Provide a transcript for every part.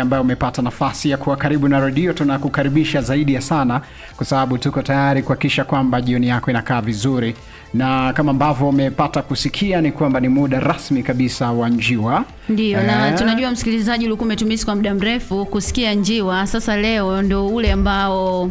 ambayo umepata nafasi ya kuwa karibu na redio, tunakukaribisha zaidi ya sana, kwa sababu tuko tayari kuhakikisha kwamba jioni yako inakaa vizuri, na kama ambavyo umepata kusikia ni kwamba ni muda rasmi kabisa wa njiwa. Ndio, na eh. tunajua msikilizaji, ulikuwa umetumisi kwa muda mrefu kusikia njiwa. Sasa leo ndio ule ambao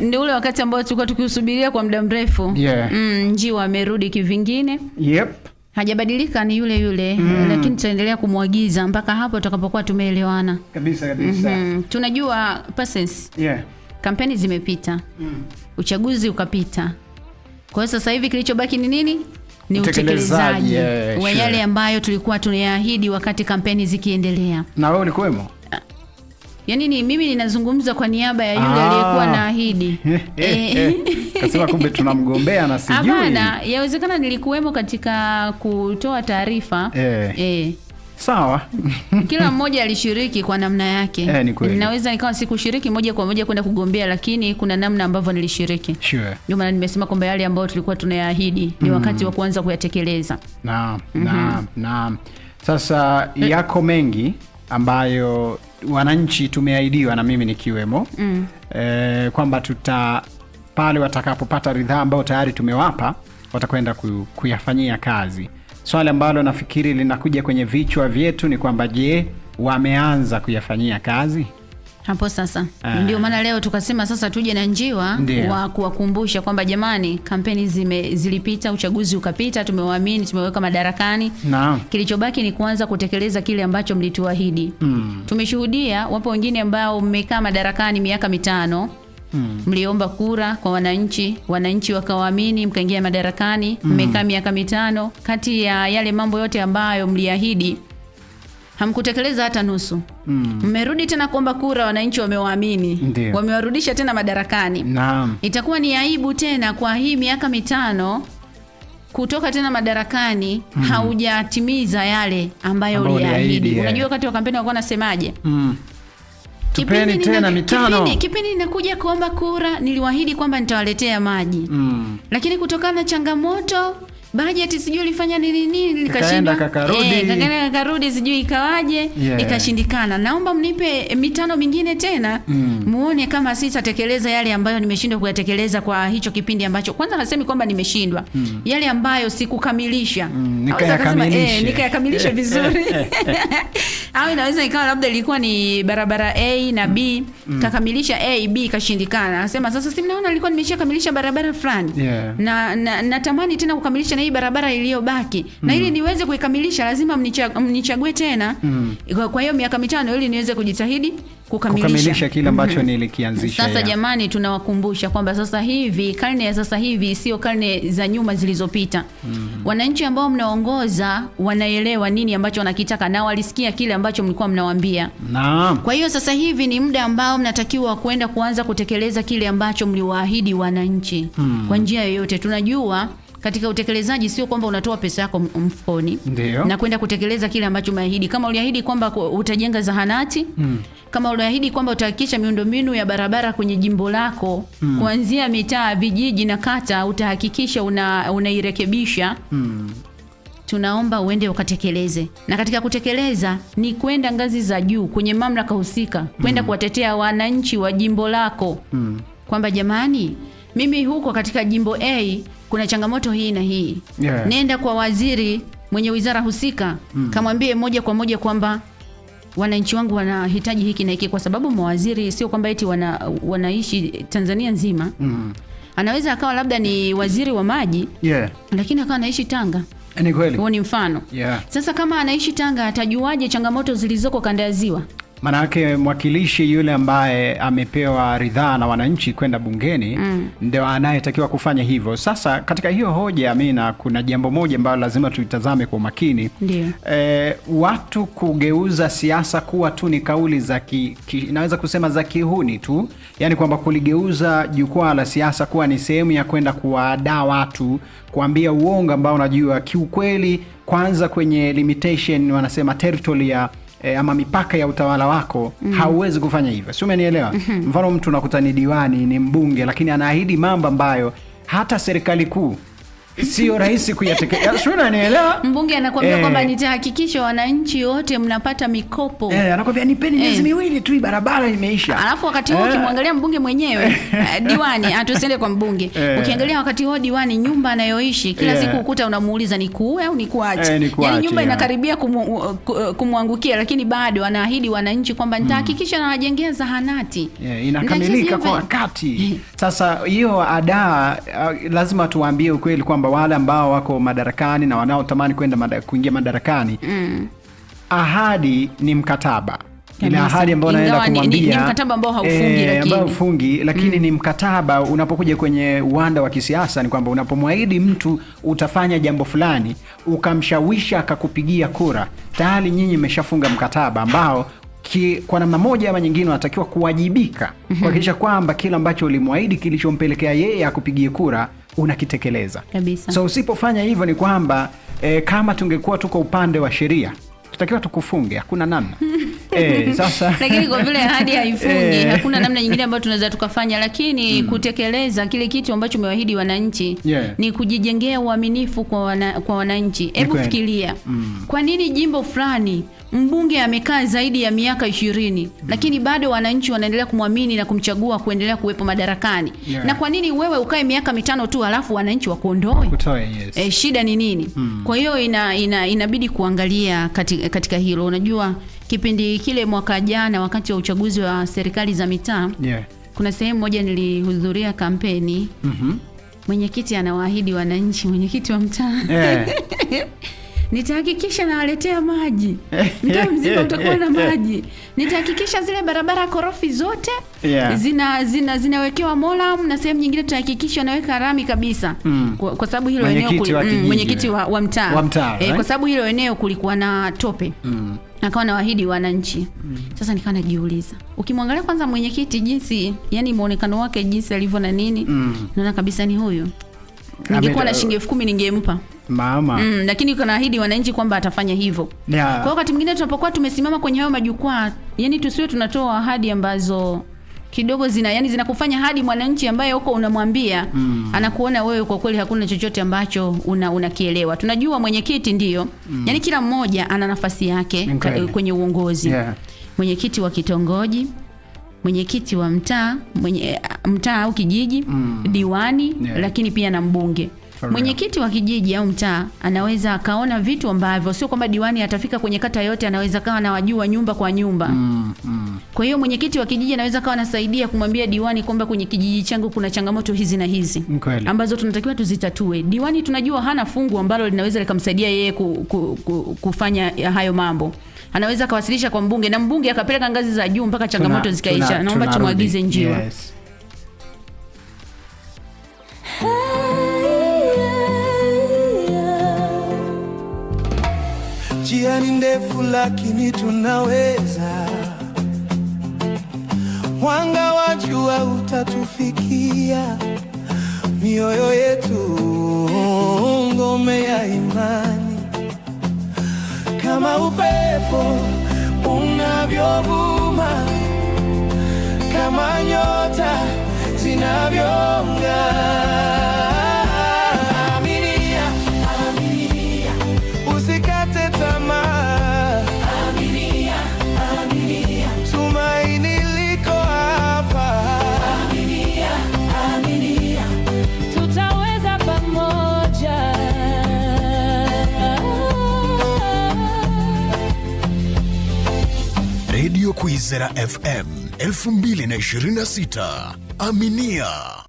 ndio ule wakati ambao tulikuwa tukiusubiria kwa muda mrefu. Yeah. Mm, njiwa amerudi kivingine. Yep hajabadilika ni yule yule mm. Lakini tutaendelea kumwagiza mpaka hapo tutakapokuwa tumeelewana kabisa kabisa. mm -hmm. Tunajua persons. Yeah. Kampeni zimepita mm. Uchaguzi ukapita, kwa hiyo sasa hivi kilichobaki ni nini? Ni utekelezaji yeah, wa yale sure. ambayo tulikuwa tunayaahidi wakati kampeni zikiendelea. Na wewe ulikuwemo? Yaani ni mimi ninazungumza kwa niaba ya yule ah. aliyekuwa ahidi eh, eh. eh. Kasema kumbe tunamgombea na sijui. Hapana, yawezekana nilikuwemo katika kutoa taarifa. Eh. Eh. Sawa. Kila mmoja alishiriki kwa namna yake. Eh, ni kweli. Ninaweza nikawa sikushiriki moja kwa moja kwenda kugombea, lakini kuna namna ambavyo nilishiriki. Sure. Ndio maana nimesema kwamba yale ambayo tulikuwa tunayaahidi ni mm. wakati wa kuanza kuyatekeleza. Naam, mhm. naam, naam. Sasa yako mengi ambayo wananchi tumeahidiwa na mimi nikiwemo mm. e, kwamba tuta pale watakapopata ridhaa ambayo tayari tumewapa watakwenda kuyafanyia kazi. Swali ambalo nafikiri linakuja kwenye vichwa vyetu ni kwamba je, wameanza kuyafanyia kazi? hapo sasa. Ah. Ndio maana leo tukasema sasa tuje na njiwa Ndia. wa kuwakumbusha kwamba jamani, kampeni zime zilipita, uchaguzi ukapita, tumewaamini, tumeweka madarakani. na. Kilichobaki ni kuanza kutekeleza kile ambacho mlituahidi. Mm. Tumeshuhudia wapo wengine ambao mmekaa madarakani miaka mitano Mm. Mliomba kura kwa wananchi, wananchi wakawaamini, mkaingia madarakani, mmekaa mm. miaka mitano. Kati ya yale mambo yote ambayo mliahidi hamkutekeleza hata nusu. Hmm. Mmerudi mm. tena kuomba kura, wananchi wamewaamini, wamewarudisha tena madarakani. Naam. Itakuwa ni aibu tena kwa hii miaka mitano kutoka tena madarakani mm. haujatimiza yale ambayo uliahidi. Unajua wakati wa kampeni wakuwa nasemaje? mm. Kipindi tena mitano. Kipindi ninakuja kuomba kura niliwaahidi kwamba nitawaletea maji mm. lakini kutokana na changamoto bajeti sijui ulifanya nini nini, likashinda kakarudi, eh, kakarudi, sijui ikawaje, yeah. Ikashindikana. Naomba mnipe mitano mingine tena, mm. muone kama sitatekeleza yale ambayo nimeshindwa kuyatekeleza kwa hicho kipindi ambacho, kwanza nasemi kwamba nimeshindwa, mm. yale ambayo sikukamilisha, mm. nikayakamilisha, eh, nika vizuri au inaweza ikawa labda ilikuwa ni barabara A na B, mm. mm. kakamilisha A B, ikashindikana. anasema sasa, si mnaona nilikuwa nimeshakamilisha barabara fulani, yeah. na, na natamani tena kukamilisha na hii barabara iliyobaki mm. na ili mm. niweze kuikamilisha lazima mnichague mnichague tena mm. kwa hiyo miaka mitano ili niweze kujitahidi kukamilisha, kukamilisha kile ambacho mm -hmm. nilikianzisha. Sasa ya. Jamani, tunawakumbusha kwamba sasa hivi karne ya sasa hivi sio karne za nyuma zilizopita mm -hmm. Wananchi ambao mnaongoza wanaelewa nini ambacho wanakitaka na walisikia kile ambacho mlikuwa mnawaambia. Kwa hiyo sasa hivi ni muda ambao mnatakiwa kwenda kuanza kutekeleza kile ambacho mliwaahidi wananchi mm -hmm. Kwa njia yoyote tunajua katika utekelezaji sio kwamba unatoa pesa yako mfukoni na kwenda kutekeleza kile ambacho umeahidi. Kama uliahidi kwamba utajenga zahanati mm. kama uliahidi kwamba utahakikisha miundombinu ya barabara kwenye jimbo lako mm. kuanzia mitaa, vijiji na kata utahakikisha una, unairekebisha mm. tunaomba uende ukatekeleze, na katika kutekeleza ni kwenda ngazi za juu kwenye mamlaka husika kwenda mm. kuwatetea wananchi wa jimbo lako mm. kwamba jamani, mimi huko katika jimbo A kuna changamoto hii na hii yeah. Nenda kwa waziri mwenye wizara husika mm. Kamwambie moja kwa moja kwamba wananchi wangu wanahitaji hiki na hiki, kwa sababu mawaziri sio kwamba eti wana, wanaishi Tanzania nzima mm. Anaweza akawa labda ni waziri wa maji yeah. Lakini akawa anaishi Tanga ni kweli, huo ni mfano yeah. Sasa kama anaishi Tanga atajuaje changamoto zilizoko kanda ya Ziwa? Manake mwakilishi yule ambaye amepewa ridhaa na wananchi kwenda bungeni mm. ndio anayetakiwa kufanya hivyo. Sasa katika hiyo hoja, Amina, kuna jambo moja ambalo lazima tulitazame kwa umakini e, watu kugeuza siasa kuwa tu ni kauli za ki, ki, naweza kusema za kihuni tu, yaani kwamba kuligeuza jukwaa la siasa kuwa ni sehemu ya kwenda kuwaadaa watu, kuambia uongo ambao unajua kiukweli, kwanza kwenye limitation wanasema territory ya e, ama mipaka ya utawala wako mm. hauwezi kufanya hivyo, si umenielewa? mm -hmm. Mfano mtu unakuta ni diwani, ni mbunge, lakini anaahidi mambo ambayo hata serikali kuu sio rahisi kuyatekeleza. Ah, sio, unanielewa? Mbunge anakuambia eh, kwamba nitahakikisha wananchi wote mnapata mikopo. Eh, anakuambia nipeni miezi eh, miwili tu barabara imeisha. Alafu wakati huo eh, ukimwangalia mbunge mwenyewe eh. Eh, diwani, atusende ah, kwa mbunge. Eh, ukiangalia wakati huo diwani nyumba anayoishi kila eh, siku ukuta unamuuliza ni nikuue au ni kuache Eh, yani nyumba ya, inakaribia kumu, eh, kumwangukia lakini bado anaahidi wananchi kwamba hmm. nitahakikisha mm, nawajengea zahanati. Yeah, inakamilika kwa wakati. Sasa hiyo ada ah, lazima tuwaambie ukweli kwamba kwamba wale ambao wako madarakani na wanaotamani kwenda mada, kuingia madarakani mm. ahadi ni mkataba ina ahadi ambayo naenda kumwambia ambao haufungi, eh, lakini, ufungi, lakini mm. ni mkataba unapokuja kwenye uwanda wa kisiasa ni kwamba unapomwahidi mtu utafanya jambo fulani ukamshawisha akakupigia kura, tayari nyinyi mmeshafunga mkataba ambao Ki, kwa namna moja ama nyingine wanatakiwa kuwajibika mm-hmm. kuhakikisha kwamba kile ambacho ulimwahidi kilichompelekea yeye akupigie kura unakitekeleza kabisa. So usipofanya hivyo ni kwamba e, kama tungekuwa tuko upande wa sheria tutakiwa tukufunge, hakuna namna e, sasa lakini kwa vile ahadi haifungi eh. hakuna namna nyingine ambayo tunaweza tukafanya, lakini mm, kutekeleza kile kitu ambacho umewaahidi wananchi yeah, ni kujijengea uaminifu kwa, wana, kwa wananchi. Hebu fikiria mm, kwa nini jimbo fulani mbunge amekaa zaidi ya miaka ishirini mm. lakini bado wananchi wanaendelea kumwamini na kumchagua kuendelea kuwepo madarakani yeah. na kwa nini wewe ukae miaka mitano tu halafu wananchi wakuondoe? Yes. E, shida ni nini? mm. kwa hiyo ina, ina, inabidi kuangalia katika, katika hilo. Unajua kipindi kile mwaka jana wakati wa uchaguzi wa serikali za mitaa yeah. kuna sehemu moja nilihudhuria kampeni mm -hmm. mwenyekiti anawaahidi wananchi, mwenyekiti wa mtaa yeah. nitahakikisha nawaletea maji, mtaa mzima utakuwa na maji. Nitahakikisha zile barabara korofi zote yeah. zina zina zinawekewa molam na sehemu nyingine tutahakikisha wanaweka rami kabisa mm. kwa, kwa sababu hilo eneo mm, mwenyekiti wa, wa mtaa wa mtaa eh, right? kwa sababu hilo eneo kulikuwa na tope mm. Akawa wahidi wananchi mm. Sasa nikawa najiuliza, ukimwangalia kwanza mwenyekiti jinsi, yani mwonekano wake jinsi alivyo na nini mm. naona kabisa ni huyu ningekuwa na shilingi uh, elfu kumi ningempa mama mm, lakini kanaahidi wananchi kwamba atafanya hivyo yeah. Kwa hiyo wakati mwingine tunapokuwa tumesimama kwenye hayo majukwaa, yani tusiwe tunatoa ahadi ambazo kidogo zina yani zinakufanya hadi mwananchi ambaye huko unamwambia mm. anakuona wewe kwa kweli hakuna chochote ambacho una unakielewa. Tunajua mwenyekiti ndiyo mm. yani kila mmoja ana nafasi yake okay. kwenye uongozi yeah. mwenyekiti wa kitongoji mwenyekiti wa mtaa mwenye, mtaa au kijiji mm. diwani yeah. lakini pia na mbunge mwenyekiti wa kijiji au mtaa anaweza akaona vitu ambavyo sio kwamba diwani atafika kwenye kata yote, anaweza kawa anawajua nyumba kwa nyumba mm, mm. Kwa hiyo mwenyekiti wa kijiji anaweza kawa anasaidia kumwambia diwani kwamba kwenye kijiji changu kuna changamoto hizi na hizi Mkweli. ambazo tunatakiwa tuzitatue. Diwani tunajua hana fungu ambalo linaweza likamsaidia yeye ku, ku, ku, kufanya hayo mambo anaweza akawasilisha kwa mbunge na mbunge akapeleka ngazi za juu mpaka changamoto zikaisha. Naomba tumwagize Njiwa. Yes. Njia ni ndefu lakini tunaweza, mwanga wa jua utatufikia. Mioyo yetu ngome ya imani, kama upepo unavyovuma, kama nyota zinavyong'aa Zera FM 2026. Aminia.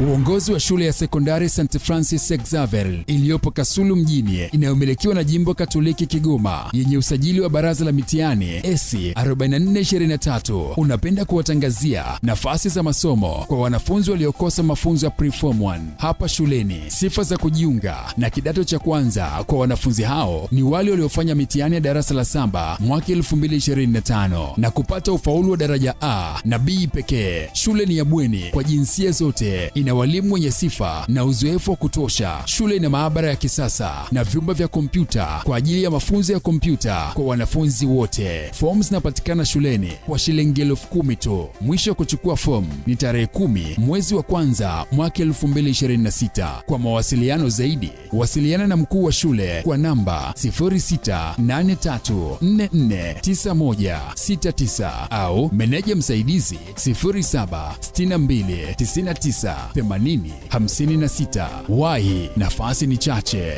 Uongozi wa shule ya sekondari St Francis Xavier iliyopo Kasulu mjini inayomilikiwa na jimbo Katoliki Kigoma yenye usajili wa baraza la mitihani AC 4423 unapenda kuwatangazia nafasi za masomo kwa wanafunzi waliokosa mafunzo ya preform 1 hapa shuleni. Sifa za kujiunga na kidato cha kwanza kwa wanafunzi hao ni wale waliofanya mitihani ya darasa la saba mwaka 2025 na kupata ufaulu wa daraja A na B pekee. Shule ni ya bweni kwa jinsia zote ina walimu wenye sifa na uzoefu wa kutosha. Shule ina maabara ya kisasa na vyumba vya kompyuta kwa ajili ya mafunzo ya kompyuta kwa wanafunzi wote. Fomu zinapatikana shuleni kwa shilingi elfu kumi tu. Mwisho wa kuchukua fomu ni tarehe kumi mwezi wa kwanza mwaka 2026. Kwa mawasiliano zaidi, wasiliana na mkuu wa shule kwa namba 0683449169 au meneja msaidizi 99 80 56. Wahi, nafasi ni chache.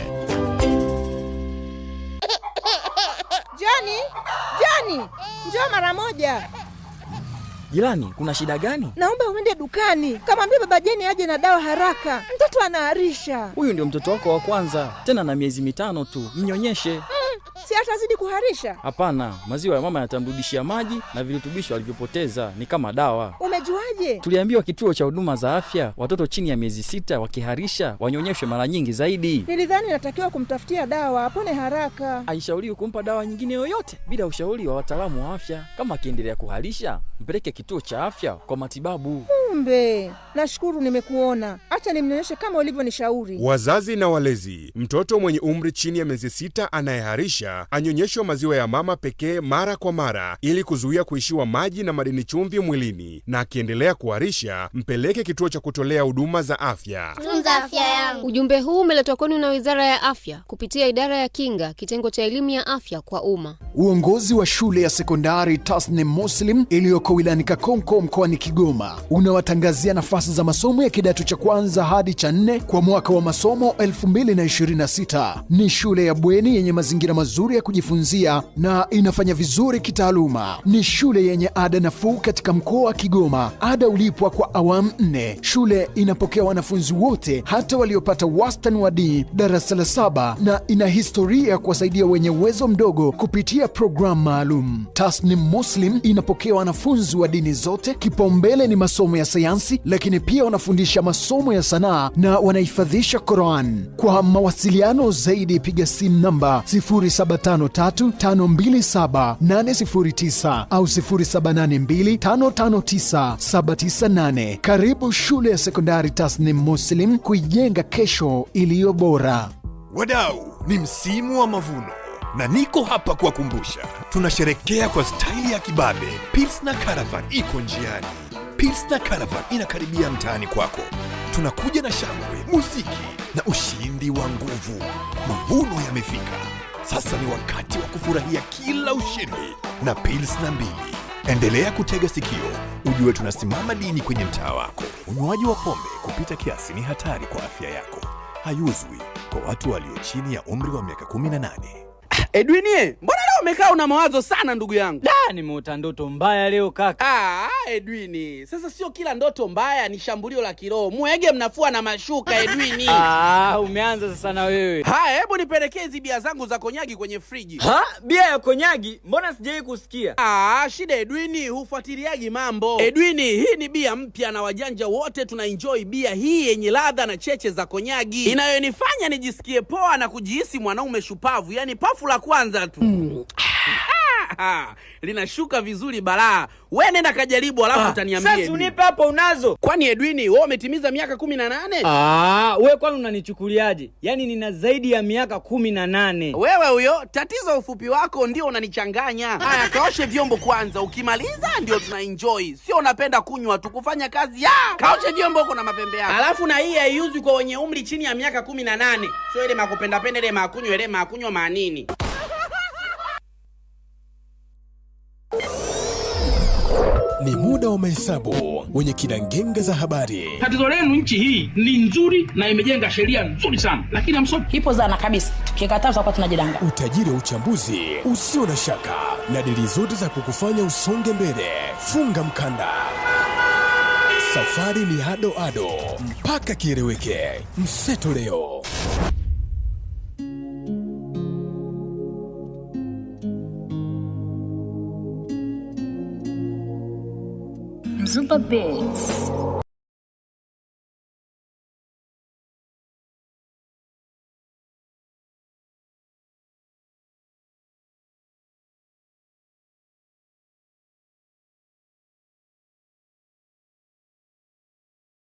Jani, Jani, njoo mara moja. Jirani, kuna shida gani? Naomba uende dukani, kamwambia baba Jeni aje na dawa haraka, mtoto anaharisha. Huyu ndio mtoto wako wa kwanza, tena na miezi mitano tu, mnyonyeshe. Mm, si atazidi kuharisha? Hapana, maziwa ya mama yatamrudishia maji na virutubisho alivyopoteza, ni kama dawa Ume unajuaje? Tuliambiwa kituo cha huduma za afya, watoto chini ya miezi sita wakiharisha wanyonyeshwe mara nyingi zaidi. Nilidhani natakiwa kumtafutia dawa apone haraka. Haishauriwi kumpa dawa nyingine yoyote bila ushauri wa wataalamu wa afya. Kama akiendelea kuharisha, mpeleke kituo cha afya kwa matibabu. Kumbe nashukuru, nimekuona. Acha nimnyonyeshe kama ulivyonishauri. Wazazi na walezi, mtoto mwenye umri chini ya miezi sita anayeharisha anyonyeshwe maziwa ya mama pekee mara kwa mara, ili kuzuia kuishiwa maji na madini chumvi mwilini na akiendelea kuharisha, mpeleke kituo cha kutolea huduma za afya. Tunza afya yangu. Ujumbe huu umeletwa kwenu na Wizara ya Afya kupitia Idara ya Kinga, kitengo cha elimu ya afya kwa umma. Uongozi wa shule ya sekondari Tasnim Muslim iliyoko wilayani Kakonko mkoani Kigoma unawatangazia nafasi za masomo ya kidato cha kwanza hadi cha nne kwa mwaka wa masomo 2026. Ni shule ya bweni yenye mazingira mazuri ya kujifunzia na inafanya vizuri kitaaluma. Ni shule yenye ada nafuu katika mkoa wa Kigoma, ada ulipwa kwa awamu nne. Shule inapokea wanafunzi wote, hata waliopata wastani wa D darasa la saba, na ina historia ya kuwasaidia wenye uwezo mdogo kupitia kupitia programu maalum. Tasnim Muslim inapokea wanafunzi wa dini zote, kipaumbele ni masomo ya sayansi, lakini pia wanafundisha masomo ya sanaa na wanahifadhisha Quran. Kwa mawasiliano zaidi, piga simu namba 0753527809 au 7825597 Karibu shule ya sekondari Tasnim Muslim kuijenga kesho iliyo bora. Wadau, ni msimu wa mavuno na niko hapa kuwakumbusha, tunasherekea kwa staili ya kibabe. na Caravan iko njiani. na Caravan inakaribia mtaani kwako. Tunakuja na shangwe, muziki na ushindi wa nguvu. Mavuno yamefika, sasa ni wakati wa kufurahia kila ushindi na na mbili. Endelea kutega sikio ujue tunasimama dini kwenye mtaa wako. Unywaji wa pombe kupita kiasi ni hatari kwa afya yako, hayuzwi kwa watu walio chini ya umri wa miaka 18 edwinie mbona leo umekaa una mawazo sana ndugu yangu? Da, nimeota ndoto mbaya leo kaka. Ah. Edwini, sasa sio kila ndoto mbaya ni shambulio la kiroho. Mwege mnafua na mashuka Edwini. Ah, umeanza sasa na wewe. Haya, hebu nipelekee hizi bia zangu za konyagi kwenye friji. Ha? Bia ya konyagi? Mbona sijai kusikia? Ah, shida Edwini, hufuatiliaji mambo. Edwini, hii ni bia mpya na wajanja wote tuna enjoy bia hii yenye ladha na cheche za konyagi inayonifanya nijisikie poa na kujihisi mwanaume shupavu, yaani pafu la kwanza tu. Mm. linashuka vizuri balaa. We nenda kajaribu, alafu ah. utaniambia. Sasa unipe hapo, unazo kwani? Edwin, wewe umetimiza miaka kumi na nane. Ah, we kwani unanichukuliaje? Yaani nina zaidi ya miaka kumi na nane. Wewe huyo, tatizo ufupi wako ndio unanichanganya. Haya, kaoshe vyombo kwanza, ukimaliza ndio tuna enjoy, sio unapenda kunywa tu kufanya kazi ya kaoshe vyombo huko na mapembe yako. Alafu na hii haiuzwi kwa wenye umri chini ya miaka kumi na nane, sio ile makupendapenda ile makunywa ile makunywa maanini ni muda wa mahesabu wenye kinangenga za habari. Tatizo lenu, nchi hii ni nzuri na imejenga sheria nzuri sana, lakini hamsomi. Ipo zana kabisa, tukikataa tutakuwa tunajidanga. Utajiri wa uchambuzi usio na shaka na dili zote za kukufanya usonge mbele. Funga mkanda, safari ni ado ado mpaka kieleweke. Mseto leo. Zuba Beats.